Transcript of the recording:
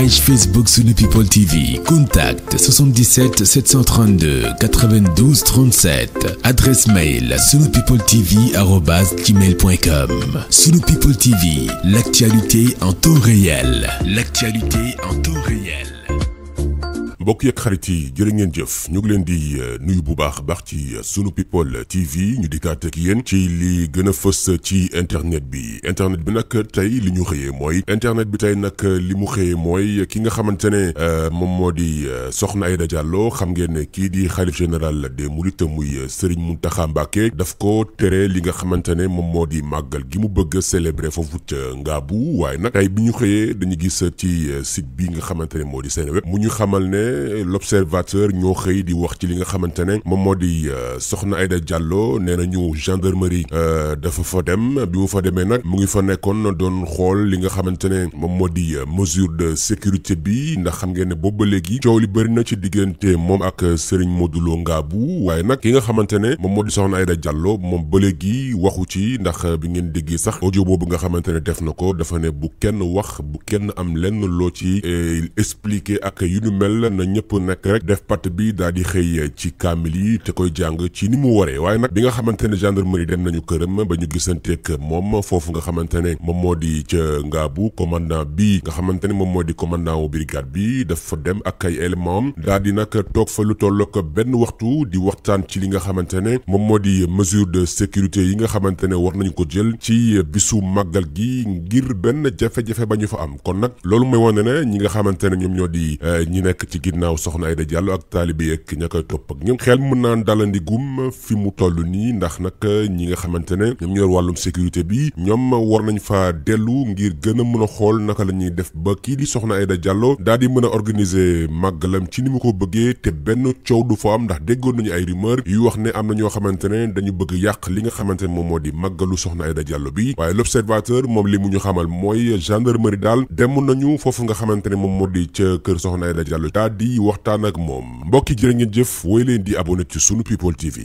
page Facebook Sunu People TV contact 77 732 92 37 adresse mail sunupeopletv@gmail.com Sunu People TV l'actualité en temps réel l'actualité en temps réel bokk yeeg xarit yi jërë ngeen jëf ñu ngi leen di euh, nuyu bu baax baax ci euh, sunu people TV ñu dikkaat ak yéen ci li gën a fës ci internet bi internet bi nag tey li ñu xëyee mooy internet bi tey nag euh, li mu xëyee mooy ki nga xamante ne moom moo di Soxna Aïda Diallo xam ngeen ne kii di xalif général des Mourides muy mu Mountakha Mbacké daf ko tere li nga xamante ne moom moo di màggal gi mu bëgg a célébrer foofu ca Ngaabu waaye nag tey bi ñu xëyee dañu gis ci sit bi nga xamante ne moo di Seneweb mu ñu xamal ne. l'observateur ñoo xëy di wax ci li nga xamante ne moom moo di euh, soxna Aïda jàlloo nee na ñu gendarmerie euh, dafa fa dem bi mu fa demee nag mu ngi fa nekkoon na doon xool li nga xamante ne moom moo di euh, mesure de sécurité bi ndax xam ngeen ne boobu ba léegi coow li bëri na ci diggante moom ak Serigne Modou Lo Ngabou waaye nag ki nga xamante ne moom moo di soxna Aïda Diallo moom ba léegi waxu ci ndax bi ngeen déggee sax audio boobu nga xamante ne def na ko dafa ne bu kenn wax bu kenn am lenn loo ci expliquer ak yu nu mel. la ñëpp nekk rek def patt bi daal di xëy ci kaamil yi te koy jàng ci ni mu waree waaye nag bi nga xamante ne gendarmerie dem nañu këram ba ñu gisanteeg moom foofu nga xamante ne moom moo di ca ngaabu commandant bi nga xamante ne moom moo di commandant wu brigade bi dafa dem ak ay élément am daal di nag toog fa lu tollook benn waxtu di waxtaan ci li nga xamante ne moom moo di mesure de sécurité yi nga xamante ne war nañu ko jël ci bisu màggal gi ngir benn jafe-jafe ba ñu fa am kon nag loolu mooy wane ne ñi nga xamante ne ñoom ñoo di eh, ñi nekk ci ginnaaw soxna Aïda Diallo ak taalibe yeeg ña koy topp ak ñoom xel mën naan dalandi gum fi mu toll nii ndax nag ñi nga xamante ne ñoom ñoo wàllum sécurité bi ñoom war nañu fa dellu ngir gën a mën a xool naka la ñuy def ba kii di soxna Aïda jàllo daal di mën a organiser màggalam ci ni mu ko bëggee te benn coow du fa am ndax déggoon nañu ay rumeur yu wax ne am na ñoo xamante ne dañu bëgg yàq li nga xamante ne moom moo di màggalu soxna Aïda Diallo bi waaye l'observateur moom li mu ñu xamal mooy gendarmerie daal dem nañu foofu nga xamante ne moom moo di ca kër soxna Aïda Diallo yi waxtaan ak moom mbokki jërë ngeen jëf woy leen di abonné ci sunu people tv